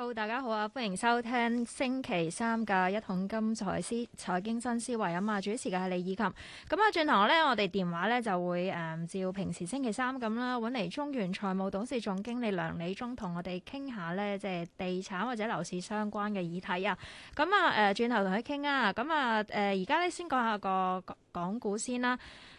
Hello、oh, 大家好啊！歡迎收聽星期三嘅一桶金財思財經新思維啊！嘛，主持嘅係李以琴。咁啊，轉頭咧，我哋電話咧就會誒、嗯，照平時星期三咁啦，搵嚟中原財務董事總經理梁理中同我哋傾下咧，即係地產或者樓市相關嘅議題啊。咁啊，誒，轉頭同佢傾啊。咁、呃、啊，誒，而家咧先講下個港股先啦。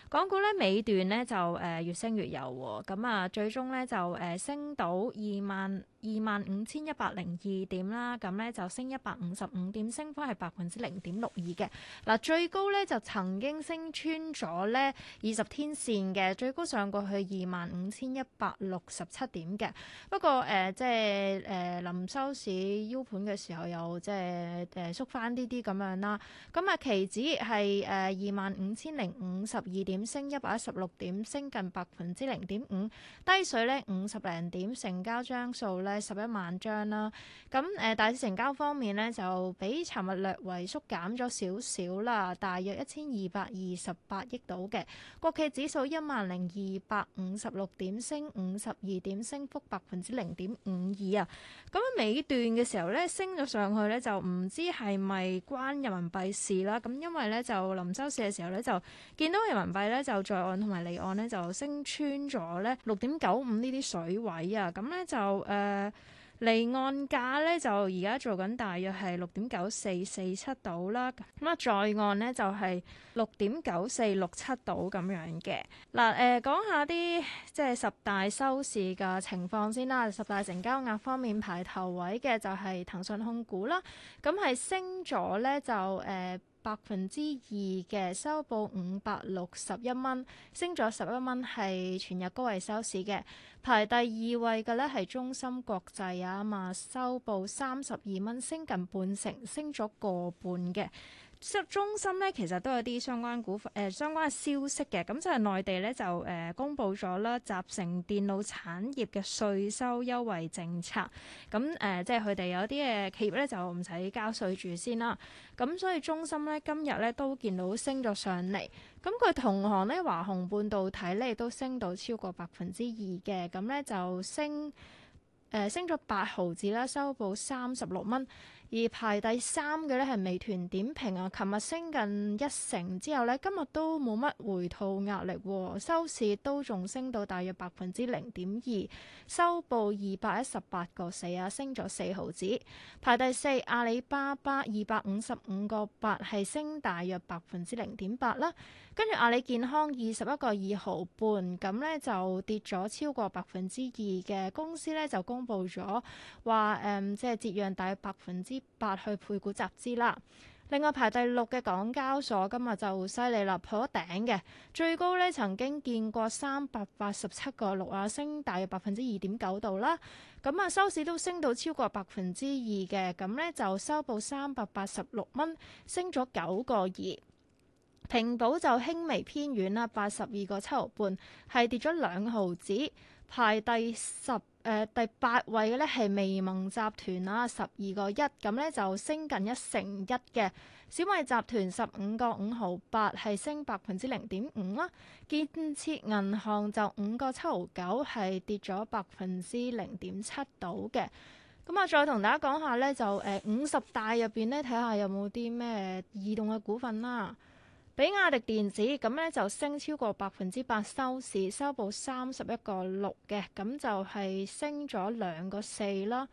港股咧尾段咧就誒越升越油，咁啊最終咧就誒升到二萬。二萬五千一百零二點啦，咁咧就升一百五十五點，升幅係百分之零點六二嘅。嗱，最高咧就曾經升穿咗咧二十天綫嘅，最高上過去二萬五千一百六十七點嘅。不過誒、呃、即係誒臨收市 U 盤嘅時候有，又即係誒縮翻啲啲咁樣啦。咁啊期指係誒二萬五千零五十二點升一百一十六點升，升近百分之零點五。低水咧五十零點成交張數咧。十一萬張啦。咁誒、嗯，大市成交方面呢，就比尋日略為縮減咗少少啦，大約一千二百二十八億度嘅。國企指數一萬零二百五十六點升，點升五十二點，升幅百分之零點五二啊。咁、嗯、尾段嘅時候咧，升咗上去咧，就唔知係咪關人民幣事啦。咁、嗯、因為咧，就臨收市嘅時候咧，就見到人民幣咧，就在岸同埋離岸咧，就升穿咗咧六點九五呢啲水位啊。咁、嗯、咧就誒。呃離岸價咧就而家做緊大約係六點九四四七度啦，咁、就是、啊在岸咧就係六點九四六七度咁樣嘅。嗱、呃，誒講下啲即係十大收市嘅情況先啦。十大成交額方面，排頭位嘅就係騰訊控股啦，咁係升咗咧就誒。呃百分之二嘅收報五百六十一蚊，升咗十一蚊，係全日高位收市嘅。排第二位嘅咧係中芯國際啊嘛，收報三十二蚊，升近半成，升咗個半嘅。中心咧其實都有啲相關股份誒、呃、相關消息嘅，咁就係內地咧就誒、呃、公布咗啦，集成電腦產業嘅稅收優惠政策，咁誒、呃、即係佢哋有啲嘅企業咧就唔使交稅住先啦。咁所以中心咧今日咧都見到升咗上嚟，咁佢同行咧華虹半導體咧亦都升到超過百分之二嘅，咁咧就升誒、呃、升咗八毫子啦，收報三十六蚊。而排第三嘅咧係美團點評啊，琴日升近一成之後咧，今日都冇乜回吐壓力，收市都仲升到大約百分之零點二，收報二百一十八個四啊，升咗四毫子。排第四阿里巴巴二百五十五個八係升大約百分之零點八啦，跟住阿里健康二十一個二毫半，咁咧就跌咗超過百分之二嘅公司咧就公布咗話誒，即係折讓大約百分之。八去配股集資啦。另外排第六嘅港交所今日就犀利啦，破咗頂嘅最高呢，曾經見過三百八十七個六啊，升大約百分之二點九度啦。咁啊收市都升到超過百分之二嘅，咁呢，就收報三百八十六蚊，升咗九個二。平保就輕微偏軟啦，八十二個七毫半係跌咗兩毫子，排第十。誒、呃，第八位嘅咧係微盟集團啦，十二個一，咁咧就升近一成一嘅。小米集團十五個五毫八係升百分之零點五啦。建設銀行就五個七毫九係跌咗百分之零點七度嘅。咁啊，再同大家講下咧，就誒五十大入邊咧，睇下有冇啲咩異動嘅股份啦、啊。比亞迪電子咁咧就升超過百分之八，收市收報三十一個六嘅，咁就係升咗兩個四啦。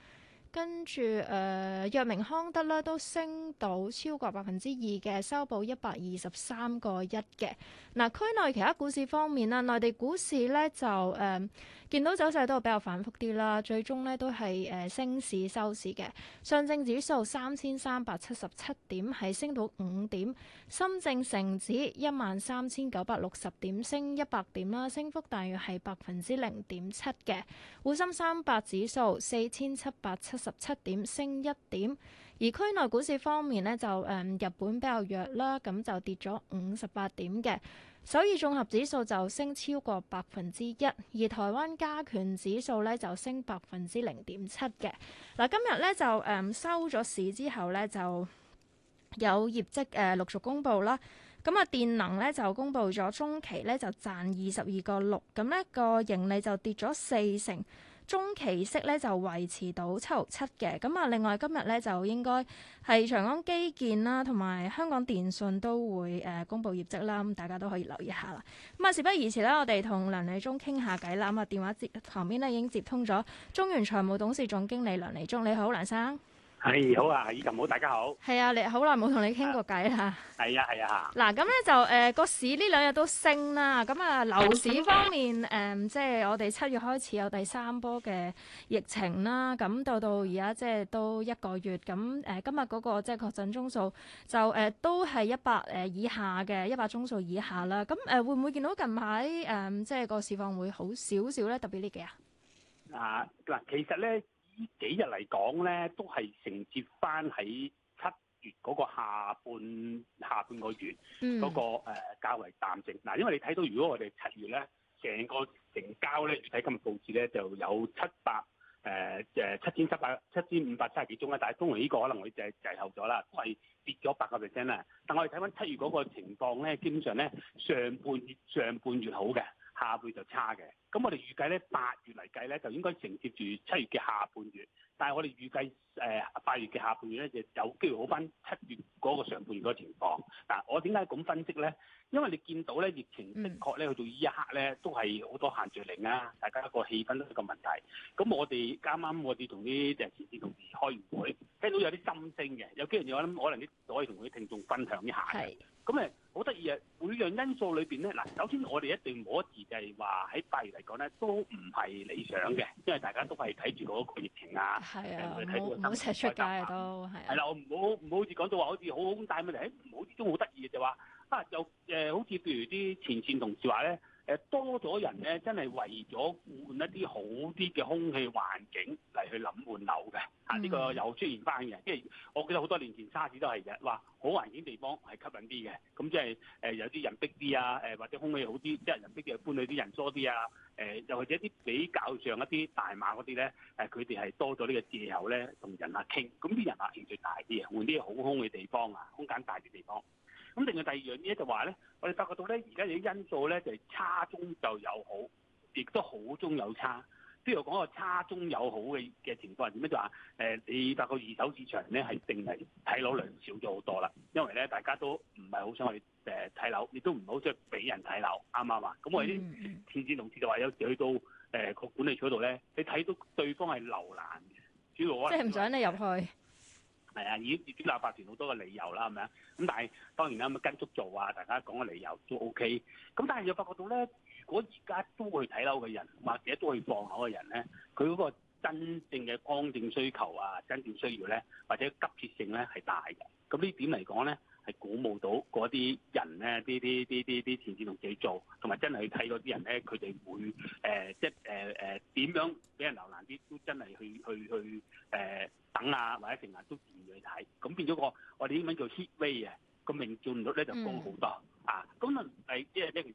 跟住，誒、呃、藥明康德咧都升到超過百分之二嘅，收報一百二十三個一嘅。嗱、呃，區內其他股市方面啦，內地股市咧就誒、呃、見到走勢都比較反覆啲啦，最終咧都係誒、呃、升市收市嘅。上證指數三千三百七十七點，係升到五點；深證成指一萬三千九百六十點，升一百點啦，升幅大約係百分之零點七嘅。滬深三百指數四千七百七十。十七點升一點，而區內股市方面呢，就誒、嗯、日本比較弱啦，咁就跌咗五十八點嘅。首爾綜合指數就升超過百分之一，而台灣加權指數呢，就升百分之零點七嘅。嗱、嗯，今日呢，就誒、嗯、收咗市之後呢，就有業績誒陸續公布啦。咁、嗯、啊，電能呢，就公布咗中期呢，就賺二十二個六，咁呢個盈利就跌咗四成。中期息咧就維持到七毫七嘅，咁啊，另外今日咧就應該係長江基建啦，同埋香港電訊都會誒、呃、公布業績啦，咁大家都可以留意下啦。咁啊，事不宜遲聊聊啦，我哋同梁理中傾下偈啦。咁啊，電話接旁邊咧已經接通咗，中原財務董事總經理梁理中，你好，梁生。係、哎、好啊，係咁好，大家好。係啊，好啊你好耐冇同你傾過偈、啊啊、啦。係、呃、啊，係啊。嗱，咁咧就誒，個市呢兩日都升啦。咁啊，樓市方面誒、呃，即係我哋七月開始有第三波嘅疫情啦。咁到到而家即係都一個月。咁誒、啊，今日嗰個即係確診宗數就誒、呃、都係一百誒以下嘅，一百宗數以下啦。咁誒、啊，會唔會見到近排誒、呃、即係個市況會好少少咧？特別呢幾日。啊嗱，其實咧。呢幾日嚟講咧，都係承接翻喺七月嗰個下半下半個月嗰、那個誒較、mm. 呃、為淡靜。嗱、啊，因為你睇到如，如果我哋七月咧，成個成交咧，睇今日報紙咧，就有七百誒誒七千七百七千五百七十幾宗啦。但係通常呢個可能我哋就係滯後咗啦，都、就、係、是、跌咗八個 percent 啦。但我哋睇翻七月嗰個情況咧，基本上咧上半月、上半月好嘅。下半就差嘅，咁我哋預計咧八月嚟計咧，就應該承接住七月嘅下半月，但係我哋預計誒八、呃、月嘅下半月咧，就有機會好返七月嗰個上半月嘅情況。嗱、啊，我點解咁分析咧？因為你見到咧疫情，的確咧去到呢一刻咧，都係好多限聚令啊，大家個氣氛都係一個問題。咁我哋啱啱我哋同啲誒前線同事開完會，聽到有啲心聲嘅，有啲人我諗可能可以同啲聽眾分享一下嘅。咁誒。好得意啊！每樣因素裏邊咧，嗱，首先我哋一定可自就係話喺幣嚟講咧，都唔係理想嘅，因為大家都係睇住嗰個疫情啊，誒睇住走出街啊，係啦，我唔好唔好似講到話好似好好咁，大問題，唔好之都好得意嘅就話啊，又誒好似譬如啲前線同事話咧。誒多咗人咧，真係為咗換一啲好啲嘅空氣環境嚟去諗換樓嘅，啊呢個又出現翻嘅，即係我記得好多年前沙士都係嘅，話好環境地方係吸引啲嘅，咁即係誒有啲人逼啲啊，誒或者空氣好啲，即係人逼啲搬去啲人多啲啊，誒又或者啲比較上一啲大碼嗰啲咧，誒佢哋係多咗呢個藉口咧同人啊傾，咁啲人啊興趣大啲啊，換啲好空嘅地方啊，空間大嘅地方。肯定嘅。第二樣嘢就話咧，我哋發覺到咧，而家啲因素咧就係差中就有好，亦都好中有差。譬如講個差中有好嘅嘅情況係點咧？就話誒、呃，你發覺二手市場咧係淨係睇樓量少咗好多啦，因為咧大家都唔係好想去誒睇樓，亦都唔好想俾人睇樓，啱唔啱啊？咁我啲前線同事就話有時去到誒個管理處度咧，你睇到對方係瀏覽，主要即係唔想你入去。係啊， 業主立法團好多嘅理由啦，係咪啊？咁但係當然啦，咁跟足做啊，大家講嘅理由都 OK。咁但係又發覺到咧，如果而家都去睇樓嘅人，或者都去放樓嘅人咧，佢嗰個真正嘅剛性需求啊，真正需要咧，或者急切性咧係大嘅。咁呢點嚟講咧？係鼓舞到嗰啲人咧，啲啲啲啲啲前線同自己做，同埋真係去睇嗰啲人咧，佢哋會誒，即係誒誒點樣俾人留難啲，都真係去去去誒等啊，或者成日都願意去睇，咁變咗個我哋英文叫 hit rate 啊，個命中率咧就高好多啊，咁啊係即係呢個。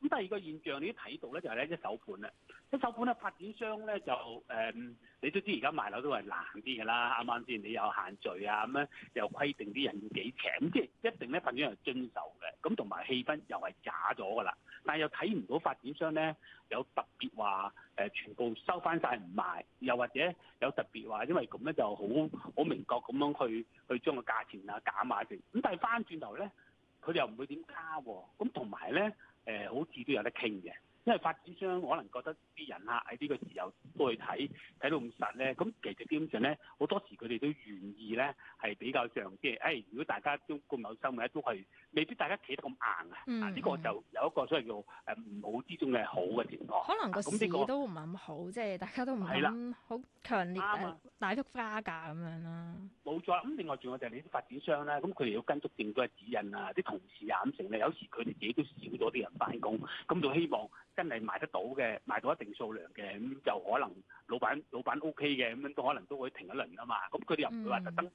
咁第二個現象你都睇到咧，就係、是、咧一手盤啦，一手盤咧發展商咧就誒、呃，你都知而家賣樓都係難啲㗎啦，啱啱先，你有限聚啊，咁樣又規定啲人要幾尺，即係一定咧發展商係遵守嘅，咁同埋氣氛又係假咗㗎啦。但係又睇唔到發展商咧有特別話誒，全部收翻晒唔賣，又或者有特別話，因為咁咧就好好明確咁樣去去將個價錢啊減下成。咁但係翻轉頭咧，佢哋又唔會點加喎。咁同埋咧。誒，好似都有得傾嘅。 因為發展商可能覺得啲人客喺呢個時候都去睇睇到咁實咧，咁其實基本上咧，好多時佢哋都願意咧係比較上，即係誒，如果大家心都咁有收買都係，未必大家企得咁硬、嗯、啊！啊，呢個就有一個所謂叫誒唔好之中嘅好嘅情況。可能個市、啊這個、都唔係咁好，即係大家都唔咁好強烈大幅加價咁樣啦。冇錯，咁另外仲有就係你啲發展商咧，咁佢哋要跟足政府嘅指引啊，啲同事啊，咁成咧，有時佢哋自己都少咗啲人翻工，咁就希望。真係賣得到嘅，賣到一定數量嘅，咁、嗯、就可能老闆老闆 O K 嘅，咁樣都可能都會停一輪啊嘛。咁佢哋又唔會話特登誒，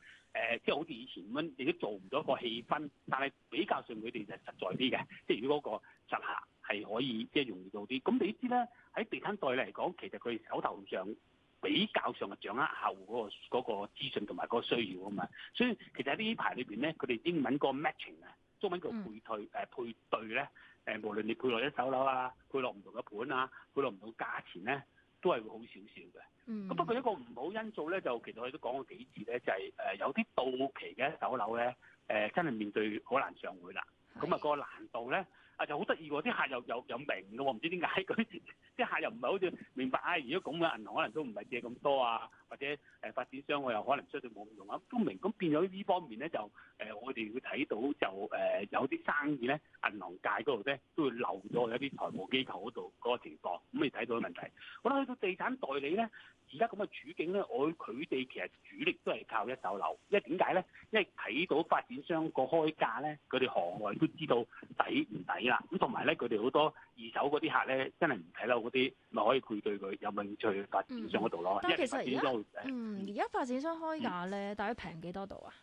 即係好似以前咁，亦都做唔到一個氣氛。但係比較上佢哋就實在啲嘅，即係如果嗰個實行係可以，即係容易做啲。咁你知咧，喺地產代理嚟講，其實佢手頭上比較上嘅掌握客戶嗰個嗰、嗰個資訊同埋嗰個需要啊嘛。所以其實喺呢排裏邊咧，佢哋英文個 matching 啊，中文叫配對誒、嗯呃、配對咧。誒，無論你配落一手樓啊，配落唔同嘅盤啊，配落唔同價錢咧，都係會好少少嘅。嗯，咁不過一個唔好因素咧，就其實我哋都講過幾次咧，就係、是、誒有啲到期嘅一手樓咧，誒、呃、真係面對好難上會啦。咁啊的個難度咧啊就好得意喎，啲客又有有明㗎喎，唔知點解佢啲客又唔係好似明白啊？如果咁嘅銀行，可能都唔係借咁多啊。或者誒、呃、發展商我又可能相信冇用啊，都明。咁變咗呢方面咧就誒、呃、我哋會睇到就誒、呃、有啲生意咧，銀行界嗰度咧都會漏咗一啲財務機構嗰度嗰個情況，咁你睇到嘅問題。好啦，去到地產代理咧，而家咁嘅處境咧，我佢哋其實主力都係靠一手樓，因為點解咧？因為睇到發展商個開價咧，佢哋行外都知道抵唔抵啦。咁同埋咧，佢哋好多二手嗰啲客咧，真係唔睇到嗰啲，咪可以配對佢有興趣發展商嗰度咯。嗯，咁其、嗯嗯，而家發展商開價咧，大概平幾多度啊？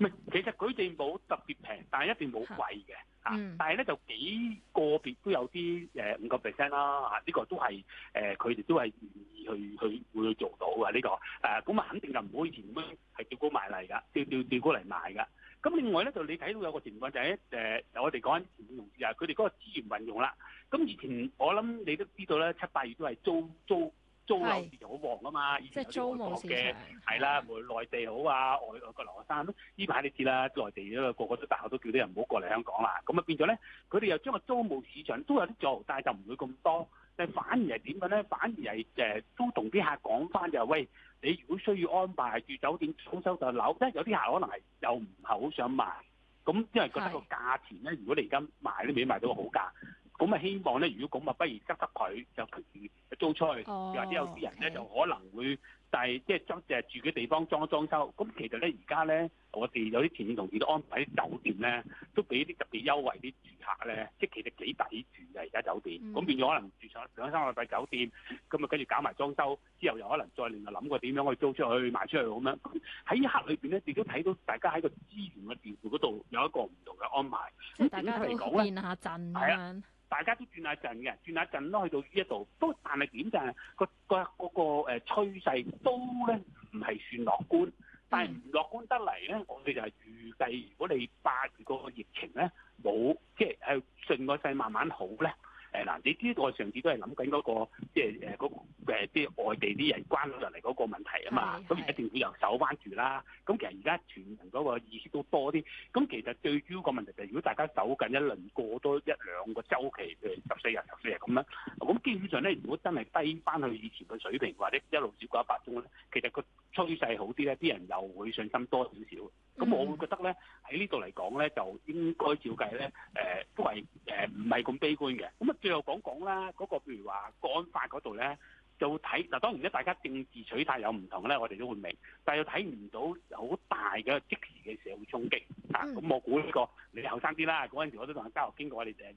唔係，其實佢哋冇特別平，但係一定冇貴嘅嚇。但係咧就幾個別都有啲誒五個 percent 啦嚇。呢個都係誒佢哋都係願意去去會做到嘅呢個。誒咁啊，肯定就唔好以前咁樣係吊高賣嚟㗎，吊吊吊高嚟賣㗎。咁另外咧就你睇到有個情況就喺誒我哋講緊金融融資啊，佢哋嗰個資源運用啦。咁以前我諗你都知道咧，七八月都係租租。租樓市場好旺啊嘛，即係租務市場係啦，無論的的內地好啊，外外國留學生、啊，呢排你知啦，內地咧個個都大學都叫啲人唔好過嚟香港啦，咁啊變咗咧，佢哋又將個租務市場都有啲做，但係就唔會咁多，但係反而係點嘅咧？反而係誒、呃、都同啲客講翻就係喂，你如果需要安排住酒店、租收就樓，即係有啲客可能係又唔係好想買，咁因為覺得個價錢咧，的如果你而家買都未必買到個好價。嗯。咁咪希望咧，如果咁咪不如執執佢，就決意租出去；或者有啲人咧，就可能會，但係即係裝就係住嘅地方裝裝修。咁其實咧，而家咧，我哋有啲前線同事都安排啲酒店咧，都俾啲特別優惠啲住客咧，即係其實幾抵住嘅而家酒店。咁變咗可能住上兩三個禮拜酒店，咁啊跟住搞埋裝修，之後又可能再另外諗過點樣可以租出去賣出去咁樣。喺呢刻裏邊咧，亦都睇到大家喺個資源嘅調度嗰度有一個唔同嘅安排。即係大家都練下陣，係啊。大家都轉下陣嘅，轉下陣咯，去到呢一度都，但係點就係、是、個個嗰個誒趨勢都咧唔係算樂觀，但係唔樂觀得嚟咧，我哋就係預計，如果你八月個疫情咧冇，即係誒順個勢慢慢好咧。誒嗱，你知道我上次都係諗緊嗰個，即係誒嗰啲外地啲人關入嚟嗰個問題啊嘛，咁而是是 一定會又守翻住啦。咁其實而家全民嗰個意識都多啲，咁其實最主要個問題就係如果大家走緊一輪過多一兩個週期，誒十四日十四日咁啦，咁基本上咧，如果真係低翻去以前嘅水平或者一路少過一百宗咧，其實個趨勢好啲咧，啲人又會信心多少少。咁我會覺得咧，喺呢度嚟講咧，就應該照計咧，誒、呃、都係誒唔係咁悲觀嘅。咁啊，最後講講啦，嗰、嗰個譬如話《國安法》呢嗰度咧。就睇嗱，當然咧，大家政治取態有唔同咧，我哋都會明，但係又睇唔到好大嘅即時嘅社會衝擊啊！咁我估呢個你後生啲啦，嗰陣時我都同人交流經過，我哋誒年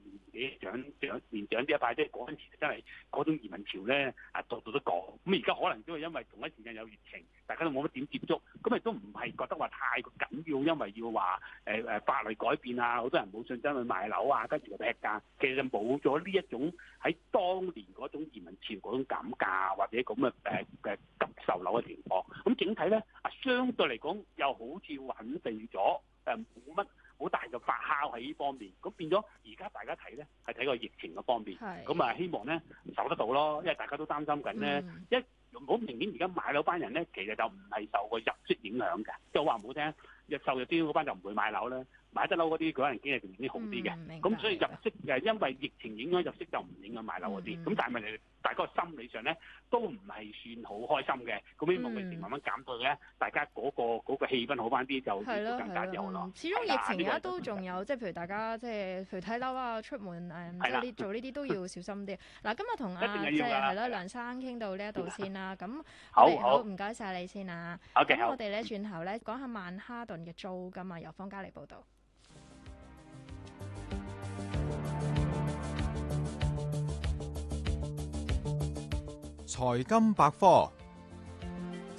紀長長年長啲一派即係，嗰陣時真係嗰種移民潮咧啊，度度都講。咁而家可能都係因為同一時間有疫情，大家都冇乜點接觸，咁亦都唔係覺得話太緊要，因為要話誒誒法律改變啊，好多人冇信心去買樓啊，跟住就劈價。其實冇咗呢一種。喺當年嗰種移民潮、嗰種減價或者咁嘅誒嘅急售樓嘅情況，咁整體咧啊，相對嚟講又好似穩定咗，誒冇乜好大嘅發酵喺呢方面，咁變咗而家大家睇咧，係睇個疫情嘅方面，咁啊希望咧受得到咯，因為大家都擔心緊咧，一好明顯而家買樓班人咧，其實就唔係受個入息影響嘅，就話唔好聽，入售入啲嗰班就唔會買樓啦。買得樓嗰啲，佢可能經濟條件啲好啲嘅，咁所以入息誒，因為疫情影響入息就唔影響買樓嗰啲，咁但係問題，大家心理上咧都唔係算好開心嘅，咁希望疫情慢慢減退咧，大家嗰個嗰個氣氛好翻啲，就更加有咯。始終疫情而家都仲有，即係譬如大家即係譬如睇樓啊、出門誒即係做呢啲都要小心啲。嗱，今日同阿即係係咯梁生傾到呢一度先啦，咁好，好唔該曬你先啊。好，咁我哋咧轉頭咧講下曼哈頓嘅租㗎嘛，由方嘉莉報道。財經百科。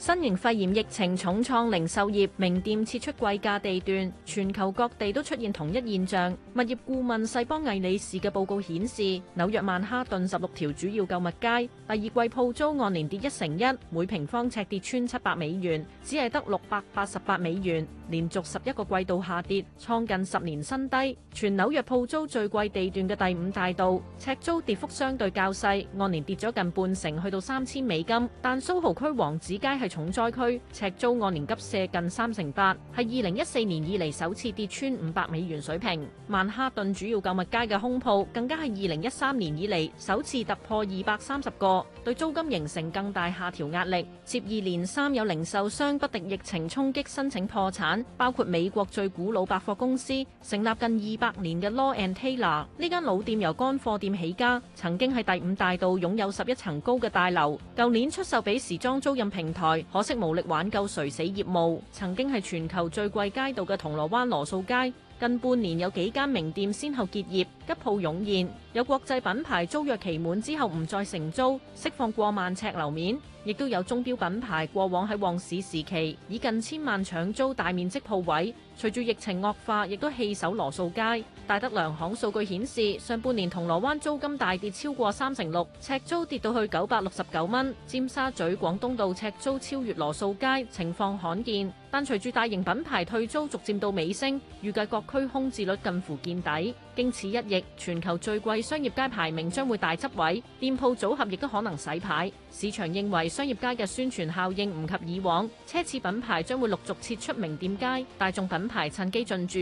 新型肺炎疫情重創零售業，名店撤出貴價地段，全球各地都出現同一現象。物業顧問世邦魏理仕嘅報告顯示，紐約曼哈頓十六條主要購物街第二季鋪租按年跌一成一，每平方尺跌穿七百美元，只係得六百八十八美元，連續十一個季度下跌，創近十年新低。全紐約鋪租最貴地段嘅第五大道，尺租跌幅相對較細，按年跌咗近半成，去到三千美金，但蘇豪區王子街係，重災區赤租按年急瀉近三成八，係二零一四年以嚟首次跌穿五百美元水平。曼哈頓主要購物街嘅空鋪更加係二零一三年以嚟首次突破二百三十個，對租金形成更大下調壓力。接二連三有零售商不敵疫情衝擊申請破產，包括美國最古老百貨公司成立近二百年嘅 Lord & Taylor。呢間老店由乾貨店起家，曾經喺第五大道擁有十一層高嘅大樓，舊年出售俾時裝租賃平台。可惜無力挽救垂死業務，曾經係全球最貴街道嘅銅鑼灣羅素街，近半年有幾間名店先後結業。一鋪湧現，有國際品牌租約期滿之後唔再承租，釋放過萬尺樓面，亦都有鐘錶品牌過往喺旺市時期以近千萬搶租大面積鋪位，隨住疫情惡化，亦都棄守羅素街。戴德梁行數據顯示，上半年銅鑼灣租金大跌超過三成六，呎租跌到去九百六十九蚊。尖沙咀廣東道呎租超越羅素街，情況罕見。但隨住大型品牌退租，逐漸到尾聲，預計各區空置率近乎見底。經此一役，全球最貴商業街排名將會大執位，店鋪組合亦都可能洗牌。市場認為商業街嘅宣傳效應唔及以往，奢侈品牌將會陸續撤出名店街，大眾品牌趁機進駐。